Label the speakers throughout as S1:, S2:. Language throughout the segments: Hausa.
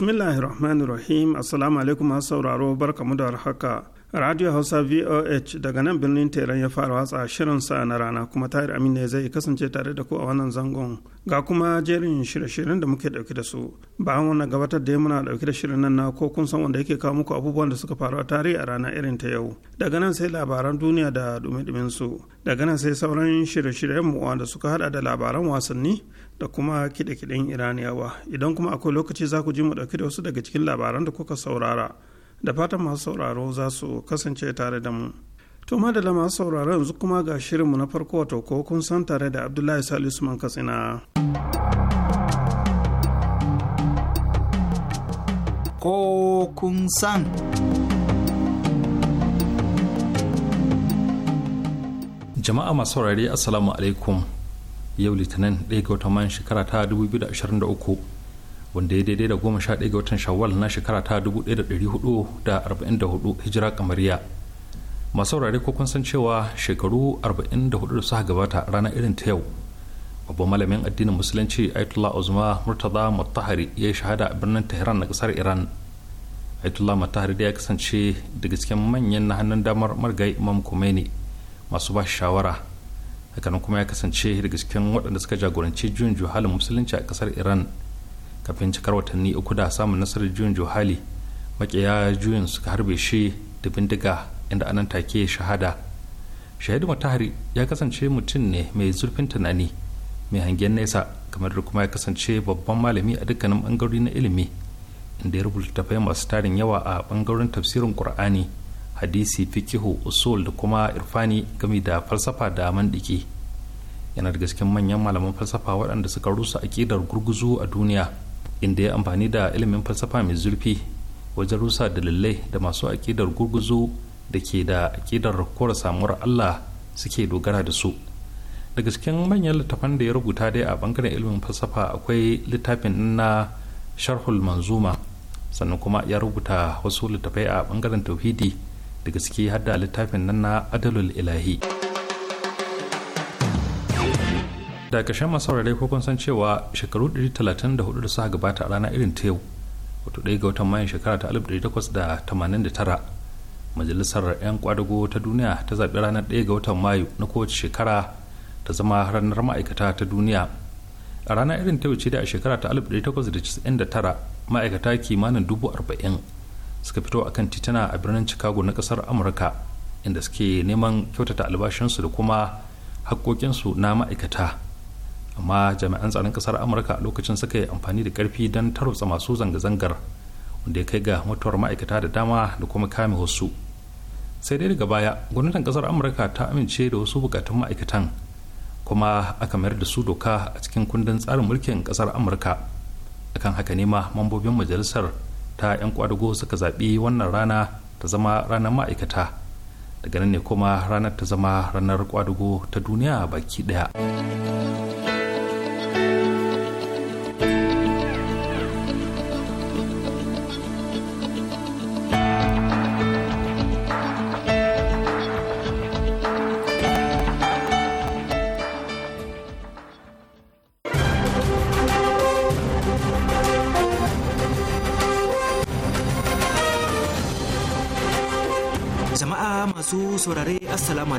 S1: bismillahirrahmanirrahim rahim assalamu alaikum masu sauraro barkamu da haka radio hausa voh daga nan birnin teran ya fara watsa shirin sa na rana kuma tahir amin ne zai kasance tare da ku a wannan zangon ga kuma jerin shirye-shiryen da muke dauke da su bayan wannan gabatar da muna dauke da shirin nan na ko kun san wanda yake kawo muku abubuwan da suka faru a tarihi a rana irin ta yau daga nan sai labaran duniya da dumi-dumin su daga nan sai sauran shirye-shiryen mu wanda suka hada da labaran wasanni da kuma kiɗe-kiɗen iraniyawa idan kuma akwai lokaci za ku ji mu ɗauki da wasu daga cikin labaran da kuka saurara da fatan masu sauraro za su kasance tare da mu to madalla masu sauraro yanzu kuma ga shirin mu na farko wato ko kun san tare da abdullahi salisu man katsina
S2: ko kun san
S3: jama'a masu saurari assalamu alaikum yau litinin 1 ga watan mayan shekara ta 2023 wanda ya daidai da goma sha 11 ga watan shawwal na shekara ta 1444 hijira kamariya masu saurare ko kun san cewa shekaru 44 da suka gabata ranar irin ta yau babban malamin addinin musulunci ayatollah uzma murtaza mutahari ya yi shahada a birnin tehran na kasar iran ayatollah mutahari da ya kasance daga cikin manyan na hannun damar margai imam khomeini masu ba shawara hakanan kuma ya kasance daga cikin waɗanda suka jagoranci juyin juhalin musulunci a ƙasar iran kafin cikar watanni uku da samun nasarar juyin juhali makiya juyin suka harbe shi da bindiga inda anan take shahada shahidu matahari ya kasance mutum ne mai zurfin tunani mai hangen nesa kamar da kuma ya kasance babban malami a dukkanin bangarori na ilimi inda ya rubuta tafai masu tarin yawa a bangaren tafsirin qur'ani hadisi fikihu usul da kuma irfani game da falsafa da mandiki yana da cikin manyan malaman falsafa waɗanda suka rusa aƙidar gurguzu a duniya inda ya amfani da ilimin falsafa mai zurfi wajen rusa dalilai da masu aƙidar gurguzu da ke da aƙidar kora samuwar allah suke dogara da su da cikin manyan littafan da ya rubuta dai a bangaren ilimin falsafa akwai littafin na sharhul manzuma sannan kuma ya rubuta wasu littafai a bangaren tauhidi da gaske har da littafin nan na adalul ilahi da ƙarshen masu saurare ko kun san cewa shekaru 134 da suka gabata a rana irin ta yau wato ɗaya ga watan mayan shekara ta 1889 majalisar 'yan kwadago ta duniya ta zaɓi ranar ɗaya ga watan mayu na kowace shekara ta zama ranar ma'aikata ta duniya a rana irin ta wuce da a shekara ta 1899 ma'aikata kimanin dubu arba'in suka fito akan tituna a birnin chicago na kasar amurka inda suke neman kyautata albashinsu da kuma haƙoƙinsu na ma'aikata amma jami'an tsaron kasar amurka a lokacin suka yi amfani da ƙarfi don tarwatsa masu zanga-zangar wanda ya kai ga mutuwar ma'aikata da dama da kuma kame wasu sai dai daga baya gwamnatin kasar amurka ta amince da wasu bukatun ma'aikatan kuma aka mayar da su doka a cikin kundin tsarin mulkin kasar amurka akan haka ne ma mambobin majalisar ta 'yan kwadago suka zaɓi wannan rana ta zama ranar ma'aikata daga nan ne kuma ranar ta zama ranar kwadago ta duniya baki ɗaya.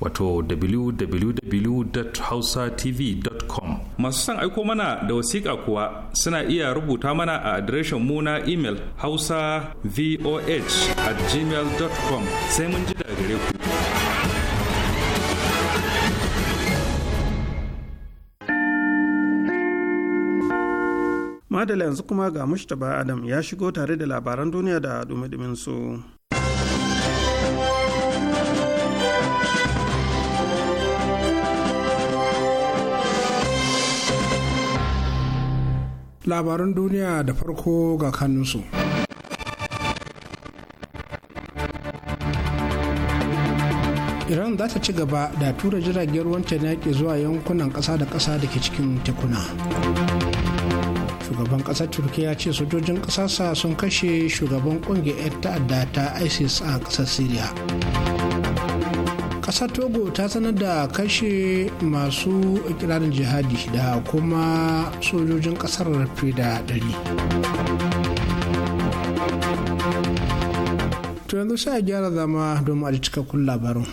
S3: wato www.hausatv.com masu son aiko mana da wasiƙa kuwa suna iya rubuta mana a adireshin mu na imel hausa voh at gmail.com sai mun ji daga gare ku
S1: madala yanzu kuma ga mushtaba adam ya shigo tare da labaran duniya da dumi su.
S4: labaran duniya da farko ga kanunsu. iran za ta ci gaba da tura jiragen ruwanta na yaƙi zuwa yankunan ƙasa da ƙasa da ke cikin tekuna shugaban ƙasar turkiya ce sojojin ƙasarsa sun kashe shugaban ƙungiyar ta'adda ta isis a ƙasar syria ƙasar togo ta sanar da kashe masu ikirarin jihadi da kuma sojojin kasar rafi da ɗari to yanzu sai a gyara zama domin a cikakkun labarin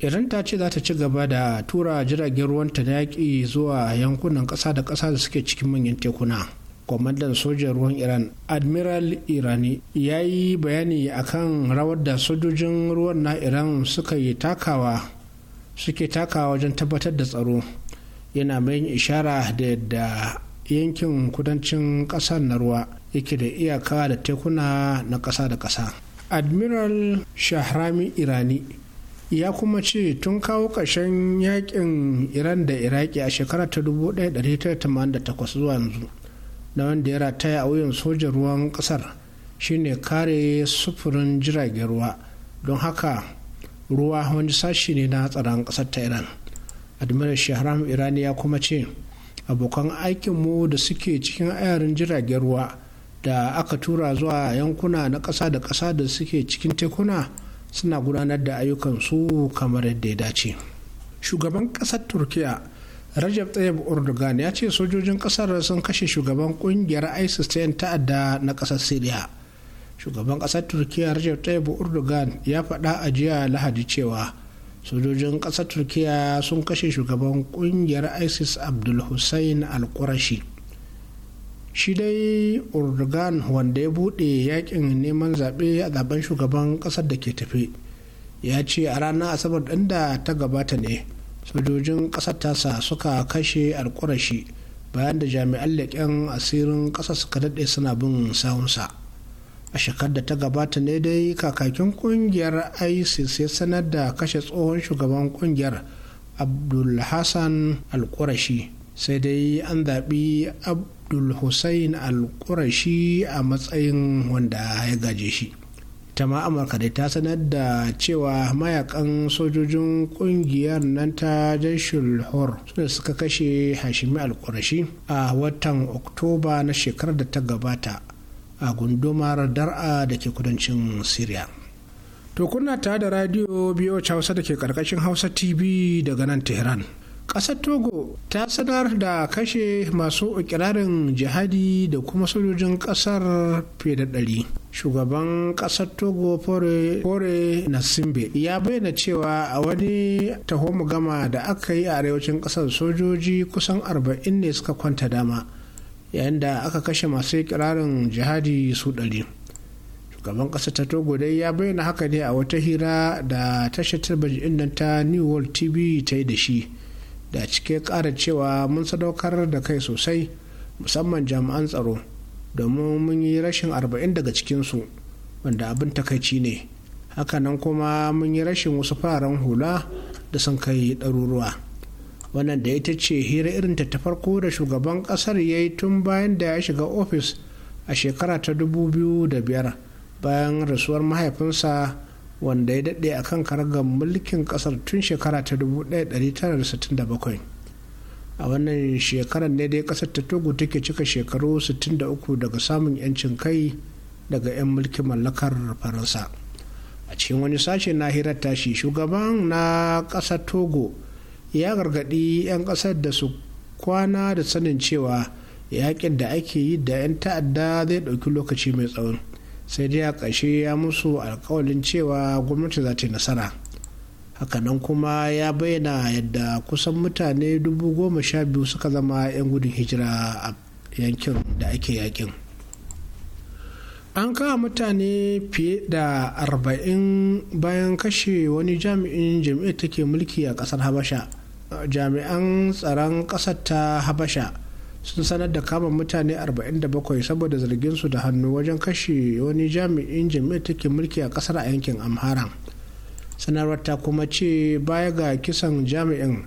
S4: iran ta ce za ta ci gaba da tura jiragen ruwanta na yaƙi zuwa yankunan ƙasa da ƙasa da suke cikin manyan tekuna kwamandan sojan ruwan iran admiral irani ya yi bayani akan rawar da sojojin ruwan na iran suka yi takawa suke takawa wajen tabbatar da tsaro yana mai ishara da yadda yankin kudancin kasar na ruwa yake da iyaka da tekuna na ƙasa da ƙasa admiral shahrami irani ya kuma ce tun kawo ƙarshen yakin iran da iraki a shekarar ta 1988 zuwa yanzu na wanda ya rataya a wuyan sojan ruwan kasar shine kare sufurin jiragen ruwa don haka ruwa wani sashi ne na tsaron kasar ta iran admiral shahram irani ya kuma ce abokan aikinmu da suke cikin ayarin jiragen ruwa da aka tura zuwa yankuna na ƙasa da ƙasa da suke cikin tekuna suna gudanar da ayyukan su kamar yadda ya dace shugaban ƙasar turkiya Rajab Tayyip Erdogan ya ce sojojin kasar sun kashe shugaban kungiyar ISIS ta ta'adda na kasar Syria. Shugaban kasar Turkiya Rajab Tayyip Erdogan ya faɗa a jiya Lahadi cewa sojojin kasar Turkiya sun kashe shugaban kungiyar ISIS Abdul Hussein Al-Qurashi. Shi dai Erdogan wanda ya buɗe yakin neman zaɓe a zaben shugaban kasar da ke tafe ya ce a ranar asabar ɗin da ta gabata ne sojojin ƙasar tasa suka kashe alƙurashi bayan da jami'an leƙen asirin ƙasa suka daɗe suna bin sahunsa a shekar da ta gabata ne dai kakakin ƙungiyar isis ya sanar da kashe tsohon shugaban ƙungiyar abdulhassan alƙurashi sai dai an zaɓi abdul hussein alƙurashi a matsayin wanda ya gaje shi ita ma amurka da ta sanar da cewa mayakan sojojin kungiyar nan ta jaishul hor suna suka kashe hashimi alkurashi a watan oktoba na shekarar da ta gabata a gundumar dar'a da ke kudancin syria to kuna tare da radio biyo hausa da ke karkashin hausa tv daga nan tehran ƙasar togo ta sanar da kashe masu ikirarin jihadi da kuma sojojin ƙasar fiye da ɗari shugaban ƙasar togo fore na Simbe ya bayyana cewa a wani taho gama da aka yi a arewacin ƙasar sojoji kusan arba'in ne suka kwanta dama yayin da aka kashe masu ikirarin jihadi su ɗari shugaban ƙasar ta togo dai ya bayyana haka ne a wata hira da tashar talabijin ta new world tv ta yi da shi da cike kara cewa mun sadaukar da kai sosai musamman jami'an tsaro domin mun yi rashin arba'in daga cikinsu wanda abin takaici ne hakanan kuma mun yi rashin wasu fararen hula da sun kai ɗaruruwa wannan da ita ce hira irin ta ta farko da shugaban kasar ya yi tun bayan da ya shiga ofis a shekara ta 2005 bayan rasuwar mahaifinsa wanda ya daɗe a kan karagar mulkin ƙasar tun shekara ta 1967 a wannan shekarar ne dai ƙasar ta togo take cika shekaru 63 daga samun 'yancin kai daga 'yan mulkin mallakar faransa a cikin wani sashe na tashi shugaban na ƙasar togo ya gargaɗi 'yan ƙasar da su kwana da sanin cewa yaƙin da ake yi da 'yan ta'adda zai ɗauki lokaci mai tsawon sai dai a ƙarshe ya musu alkawalin cewa gwamnati za ta yi nasara hakanan kuma ya bayyana yadda kusan mutane dubu goma sha biyu suka zama 'yan gudun hijira a yankin da ake yakin an kawo mutane fiye da arba'in bayan kashe wani jami'in jami'ai take mulki a ƙasar habasha jami'an tsaron ƙasar ta habasha sun sanar da kama mutane 47 saboda zargin su da hannu wajen kashe wani jami'in jami'ar take mulki a kasar a yankin amhara sanarwar ta kuma ce baya ga kisan jami'in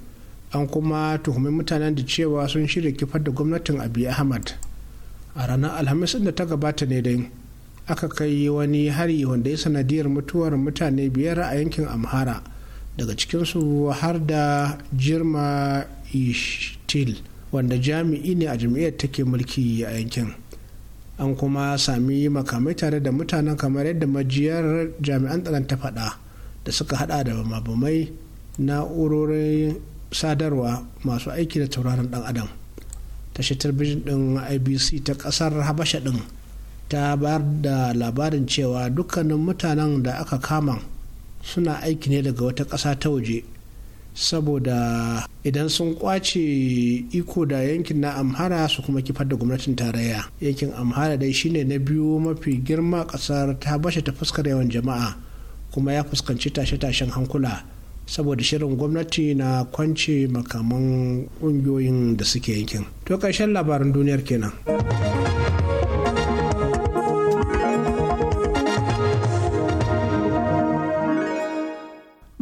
S4: an kuma tuhumi mutanen da cewa sun shirya kifar da gwamnatin abi ahmad a ranar alhamis da ta gabata ne dai aka kai wani hari wanda ya sanadiyar mutuwar mutane biyar a yankin amhara daga cikinsu har da jirma ishtil wanda jami'i ne a jam'iyyar take mulki a yankin an kuma sami makamai tare da mutanen kamar yadda majiyar jami'an tsaron ta faɗa da suka hada da mabamai na'urorin sadarwa masu aiki da tauraron dan adam tashe talbijin din ibc ta kasar habasha din ta bayar da labarin cewa dukkanin mutanen da aka kama suna aiki ne daga wata ƙasa ta waje saboda idan sun kwace iko da yankin na amhara su kuma kifar da gwamnatin tarayya yankin amhara dai shine na biyu mafi girma kasar ta bashe ta fuskar yawan jama'a kuma ya fuskanci tashe-tashen hankula saboda shirin gwamnati na kwance makaman ƙungiyoyin da suke yankin to ƙarshen labarin duniyar kenan.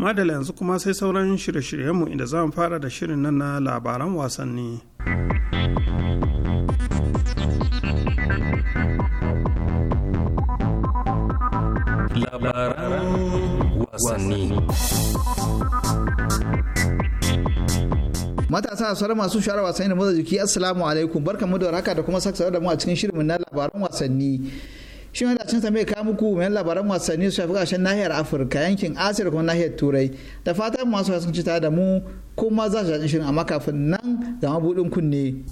S1: madala yanzu kuma sai sauran shirye-shiryenmu inda za mu fara da shirin nan na labaran wasanni.
S5: Labaran wasanni.
S2: Matasa sauran masu shara wasanni da motsa jiki Assalamu alaikum barkanmu da raka da kuma saksa da mu a cikin shirin na labaran wasanni. shi wanda cin sa mai kawo muku mai labaran wasanni su shafi kasashen nahiyar afirka yankin asiya da kuma nahiyar turai da fatan masu wasan ci da mu kuma za su shirin amma kafin nan ga mabuɗin kunne.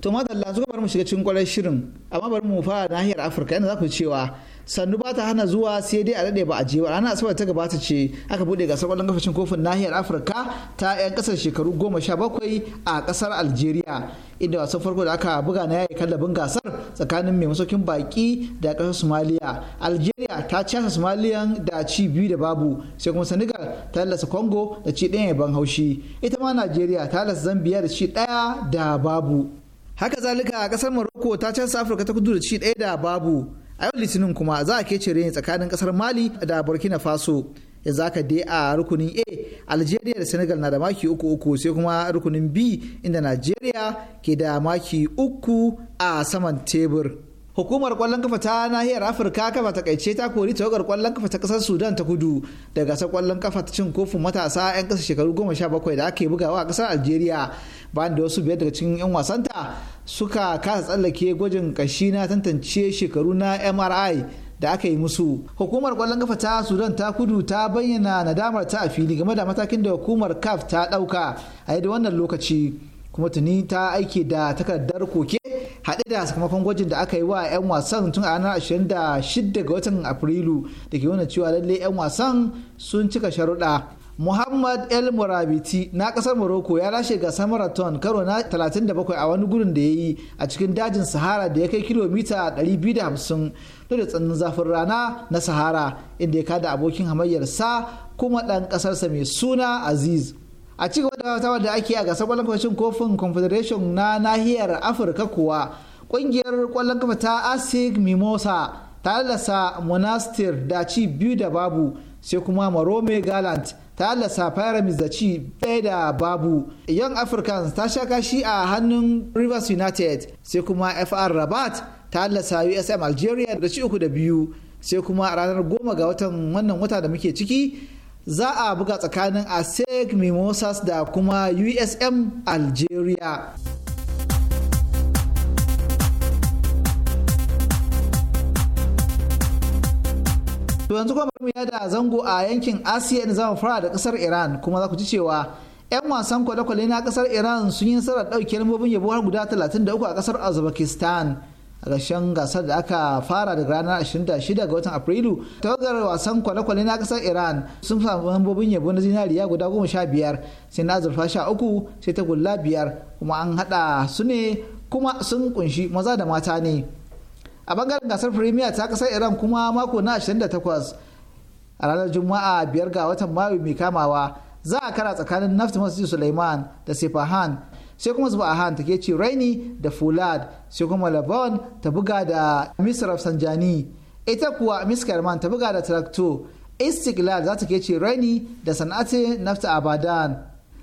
S2: to madalla zuwa bari mu shiga cikin kwarar shirin amma bari mu fara nahiyar afirka yadda za ku cewa sannu ba ta hana zuwa sai dai a dade ba a je ba ranar asabar ta gabata ce aka buɗe gasar ƙwallon kafashin kofin nahiyar afirka ta 'yan kasar shekaru goma sha bakwai a kasar algeria inda wasan farko da aka buga na yayi kallabin gasar tsakanin mai masaukin baki da ƙasar Somalia algeria ta casa somaliyan da ci biyu da babu sai kuma senegal ta lallasa congo da ci ɗaya ban haushi ita ma najeriya ta lallasa Zambia da ci ɗaya da babu haka zalika a ƙasar morocco ta casa afirka ta kudu da ci ɗaya da babu a yau litinin kuma za a kece ni tsakanin kasar mali da burkina faso za ka dai a rukunin a algeria da senegal na da maki uku uku sai kuma rukunin b inda nigeria ke da maki uku a saman tebur hukumar kwallon kafa ta nahiyar afirka kafa ta kaice ta kori tawagar kwallon kafa ta kasar sudan ta kudu daga gasar kwallon kafa ta cin kofin matasa 'yan kasa shekaru goma sha bakwai da ake bugawa a kasar algeria bayan da wasu biyar daga cikin 'yan wasanta suka kasa tsallake gwajin kashi na tantance shekaru na mri da aka yi musu hukumar kwallon kafa ta sudan ta kudu ta bayyana nadamar ta a fili game da matakin da hukumar caf ta ɗauka a yadda wannan lokaci kuma tuni ta aiki da takardar koke haɗe da sakamakon gwajin da aka yi wa 'yan wasan tun a ranar 26 ga watan afrilu da ke nuna cewa lalle 'yan wasan sun cika sharuɗa muhammad el murabiti na ƙasar morocco ya lashe gasar marathon karo na 37 a wani gudun da ya yi a cikin dajin sahara da ya kai kilomita 250 duk da tsananin zafin rana na sahara inda ya kada abokin hamayyarsa kuma ɗan ƙasarsa mai suna aziz a ci gaba da gabatawar da ake a gasar kwallon kafa kofin confederation na nahiyar afirka kuwa kungiyar kwallon kafa ta asik mimosa ta lalasa monastir da ci biyu da babu sai kuma marome gallant ta lalasa pyramids da ci ɗaya da babu young africans ta sha kashi a hannun rivers united sai kuma fr rabat ta lalasa usm algeria da ci uku da biyu sai kuma ranar goma ga watan wannan wata da muke ciki za a buga tsakanin asec mimosas da kuma usm algeria to yanzu kuma mu da zango a yankin asiya ne zamu fara da kasar iran kuma za ku ci cewa 'yan wasan kwale-kwale na kasar iran sun yi nasarar ɗauke lambobin yabo har guda 33 a kasar uzbekistan a ƙarshen gasar da aka fara daga ranar 26 ga watan afrilu tawagar wasan kwale-kwale na kasar iran sun samu mambobin yabo na zinariya guda goma sha biyar sai na zurfa sha uku sai ta gulla biyar kuma an haɗa su ne kuma sun kunshi maza da mata ne a bangaren gasar premier ta kasar iran kuma mako na 28 a ranar juma'a biyar ga watan mayu mai kamawa za a kara tsakanin nafti suleiman da sefahan sai kuma zubahan ta ke ce raini da fulad sai kuma labon ta buga da misr sanjani ita kuwa miss karman ta buga da trakto istiklal za ta ke ce raini da sanate nafta abadan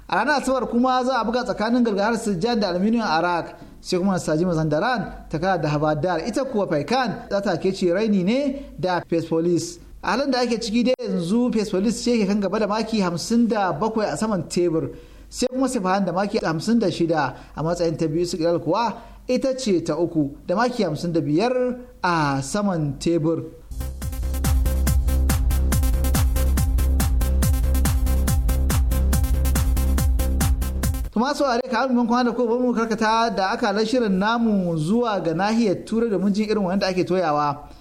S2: a ranar asabar kuma za a buga tsakanin gargahar sijjan da aluminium arak sai kuma saji mazandaran ta kada da habadar ita kuwa faikan za ta ke ce raini ne da fesfolis a halin da ake ciki dai yanzu fesfolis ce ke kan gaba da maki 57 a saman tebur sai kuma sifahan da maki 56 a matsayin ta biyu sigiral kuwa ita ce ta uku da maki 55 a saman tebur kuma su a ka abin kwana da kuma karkata da aka shirin namu zuwa ga nahiyar turai da jin irin wanda ake toyawa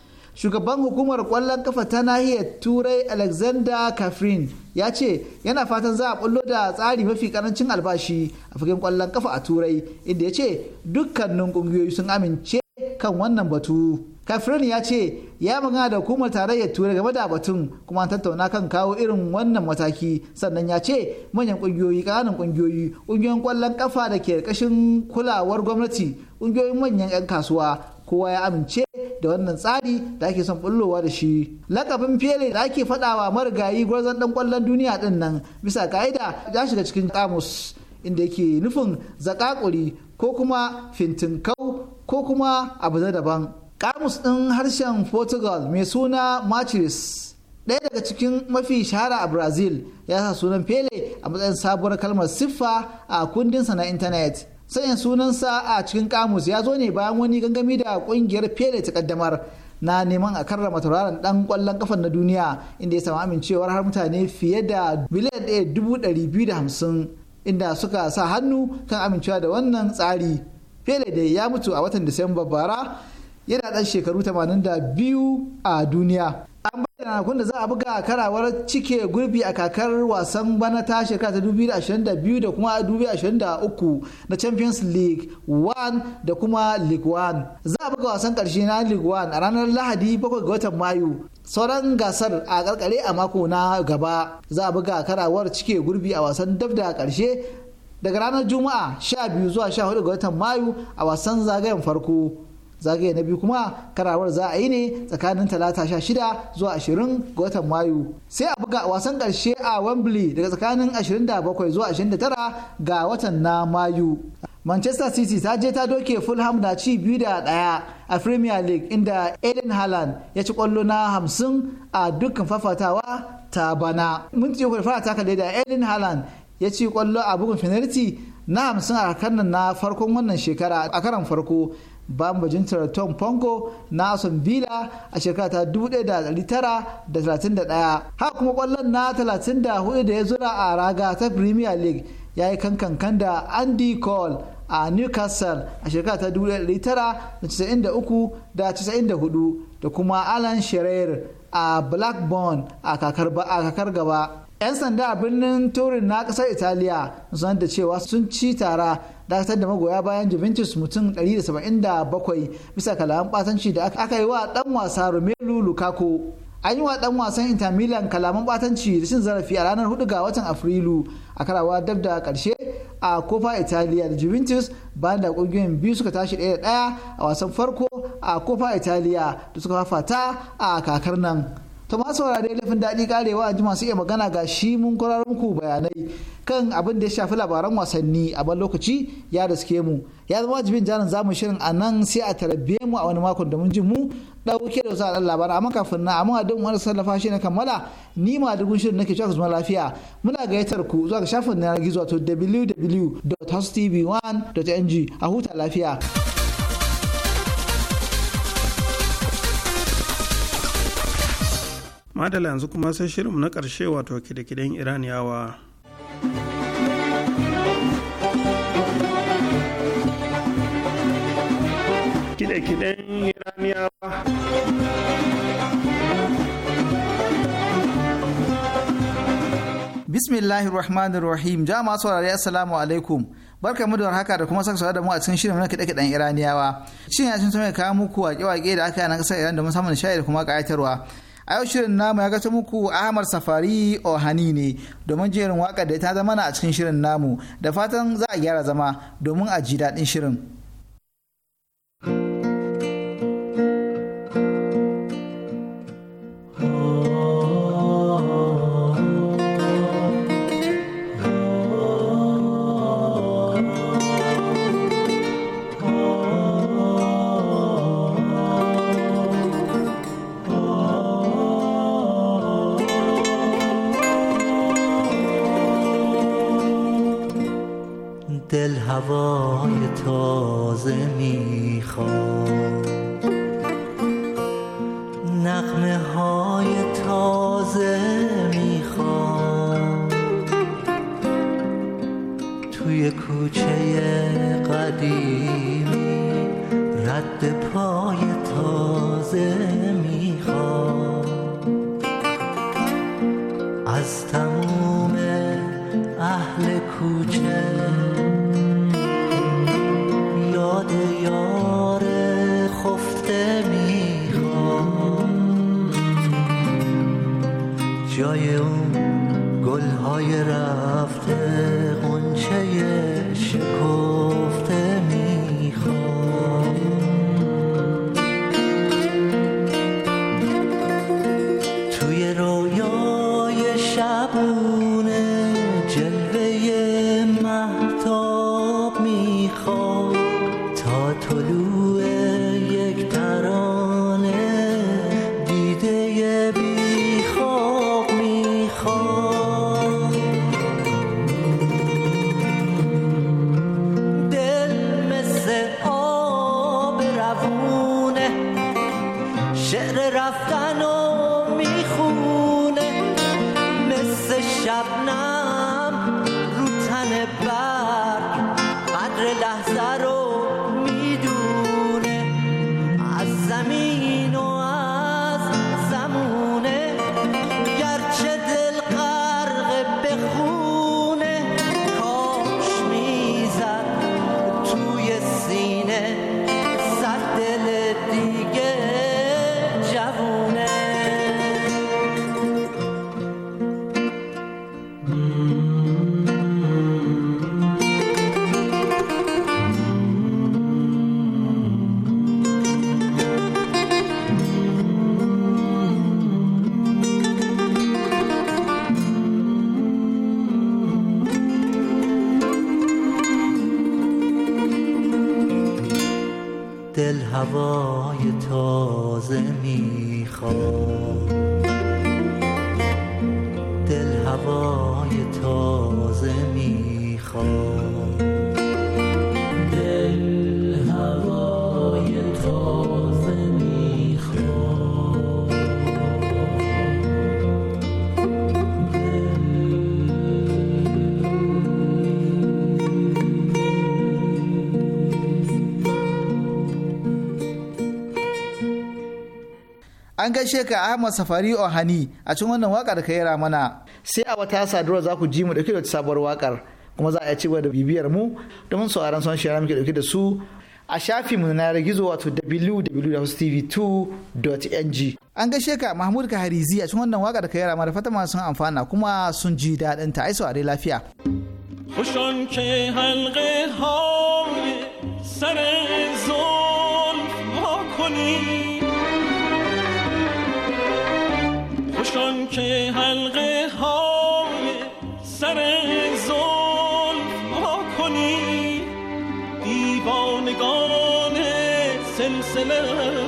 S2: shugaban hukumar kwallon kafa ta nahiyar turai alexander kafrin ya ce yana fatan za a bullo da tsari mafi karancin albashi a fagen kwallon kafa a turai inda ya ce dukkanin kungiyoyi sun amince kan wannan batu kafrin ya ce ya magana da hukumar tarayyar turai game da batun kuma tattauna kan kawo irin wannan mataki sannan ya ce manyan kungiyoyi kananan kungiyoyi kungiyoyin kwallon kafa da ke kashin kulawar gwamnati kungiyoyin manyan 'yan kasuwa kowa ya amince da wannan tsari da ake son bullowa da shi lakabin fele da ake fadawa marigayi gwarzon dan kwallon duniya din nan bisa ka'ida ya shiga cikin kamus inda yake nufin zakakuri ko kuma fintinkau ko kuma abu na daban kamus din harshen portugal mai suna matris ɗaya daga cikin mafi shahara a brazil ya sa sunan fele a matsayin sabuwar kalmar siffa a kundinsa na intanet sanya sunansa a cikin kamus ya zo ne bayan wani gangami da kungiyar fele ta kaddamar na neman a karrama tauraron dan kwallon kafan na duniya inda ya samu amincewar har mutane fiye da biliyan ɗaya hamsin inda suka sa hannu kan amincewa da wannan tsari fele da ya mutu a watan disamba bara yana dan shekaru 82 a duniya an bayyana ranakun da za a buga a karawar cike gurbi a kakar wasan bana ta shekara ta 2022 da kuma 2023 na champions league 1 da kuma league 1 za a buga wasan karshe na league 1 a ranar lahadi 7 ga watan mayu sauran gasar a karkare a mako na gaba za a buga a karawar cike gurbi a wasan daf da karshe daga ranar juma'a 12 zuwa 14 ga watan mayu a wasan zagayen farko zagaye na biyu kuma karawar za a yi ne tsakanin talata sha shida zuwa ashirin ga watan mayu sai a buga wasan karshe a wembley daga tsakanin ashirin da bakwai zuwa ashirin da tara ga watan na mayu manchester city ta je ta doke fulham na ci biyu da daya a premier league inda eden haaland ya ci kwallo na hamsin a dukkan fafatawa ta bana minti uku da ta kalle da eden haaland ya ci kwallo a bugun finalti na hamsin a harkar na farkon wannan shekara a karan farko bayan bajintar tom pongo na aston villa a shekara ta 1931 haka kuma kwallon na 34 da ya zura a raga ta premier league ya yi kankan da andy cole a newcastle a shekara ta 1993 da 94 da kuma alan shearer a blackburn a kakar gaba 'yan sanda a birnin turin na kasar italiya sun da cewa sun ci tara dakatar da magoya bayan Juventus mutum 177 bisa kalaman batanci da aka yi wa dan wasa Romelu Lukaku. An yi wa dan wasan Inter Milan kalaman batanci da cin zarafi a ranar 4 ga watan Afrilu a karawa dab da karshe a kofa italiya da Juventus bayan da kungiyoyin biyu suka tashi ɗaya da ɗaya a wasan farko a kofa italiya da suka fafata a kakar nan. to ma saurare laifin daɗi karewa a ji masu iya magana ga shi mun kurar muku bayanai kan abin da ya shafi labaran wasanni a ban lokaci ya daske mu ya zama wajibin jarin zamu shirin a nan sai a tarbe mu a wani makon da mun ji mu ɗauke da wasu al'adun labaran amma kafin na amma adin wani sallafa shi na kammala ni ma dugun shirin nake cewa zuma lafiya muna gayyatar ku zuwa ga shafin yanar gizo wato www.hostv1.ng a huta lafiya. madala yanzu kuma sai shirin
S1: na ƙarshe wato kidikidin iran yawa kide-kiden
S2: iraniyawa bismillahir rahmanir rahim jama'a saurari assalamu alaikum barka mu da warhaka da kuma saka da mu a cikin shirin na kiɗe kiɗen iraniyawa shin ya sun sami kawo muku wake-wake da aka yana na ƙasar iran da musamman shayar da kuma ƙayatarwa a yau shirin namu ya gata muku ahmad safari ohani ne domin jerin waka da ta zama na a cikin shirin namu da fatan za a gyara zama domin a ji daɗin shirin.
S6: دل هوای تازه میخواد نقمه های تازه میخواد توی کوچه قدیمی رد پای تازه میخواد از
S2: an gaishe ka Ahmad Safari Ohani a cikin wannan wakar da ka yi mana. Sai a wata saduwa za ku ji mu dauke da sabuwar wakar kuma za a ci da bibiyar mu domin sauraron son shirya muke dauke da su a shafi mu na yanar gizo wato www.tv2.ng. An gaishe ka Mahmud Kaharizi a cikin wannan wakar da ka yi mana fata masu amfana kuma sun ji daɗin ta ai saurare lafiya.
S1: Kushon ke چون که حلقه های سر زلف ها کنی دیوانگان سلسله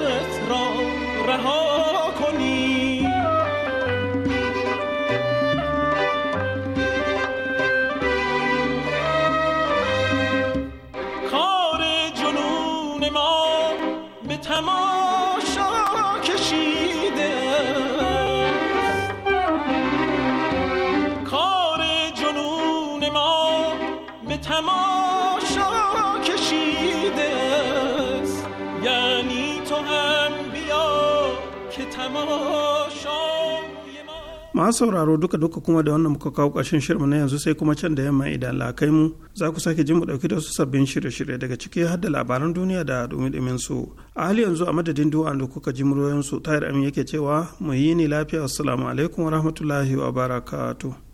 S1: masu sauraro duka duka kuma da wannan muka kawo ƙarshen shirin na yanzu sai kuma can da yamma idan lakai mu za ku sake jin mu ɗauki da su sabbin shirye-shirye daga ciki har da labaran duniya da dumi-dumin su a hali yanzu a madadin duwa da kuka ji muryoyin su tayar amin yake cewa mu yi ni lafiya assalamu alaikum wa rahmatullahi wa barakatuh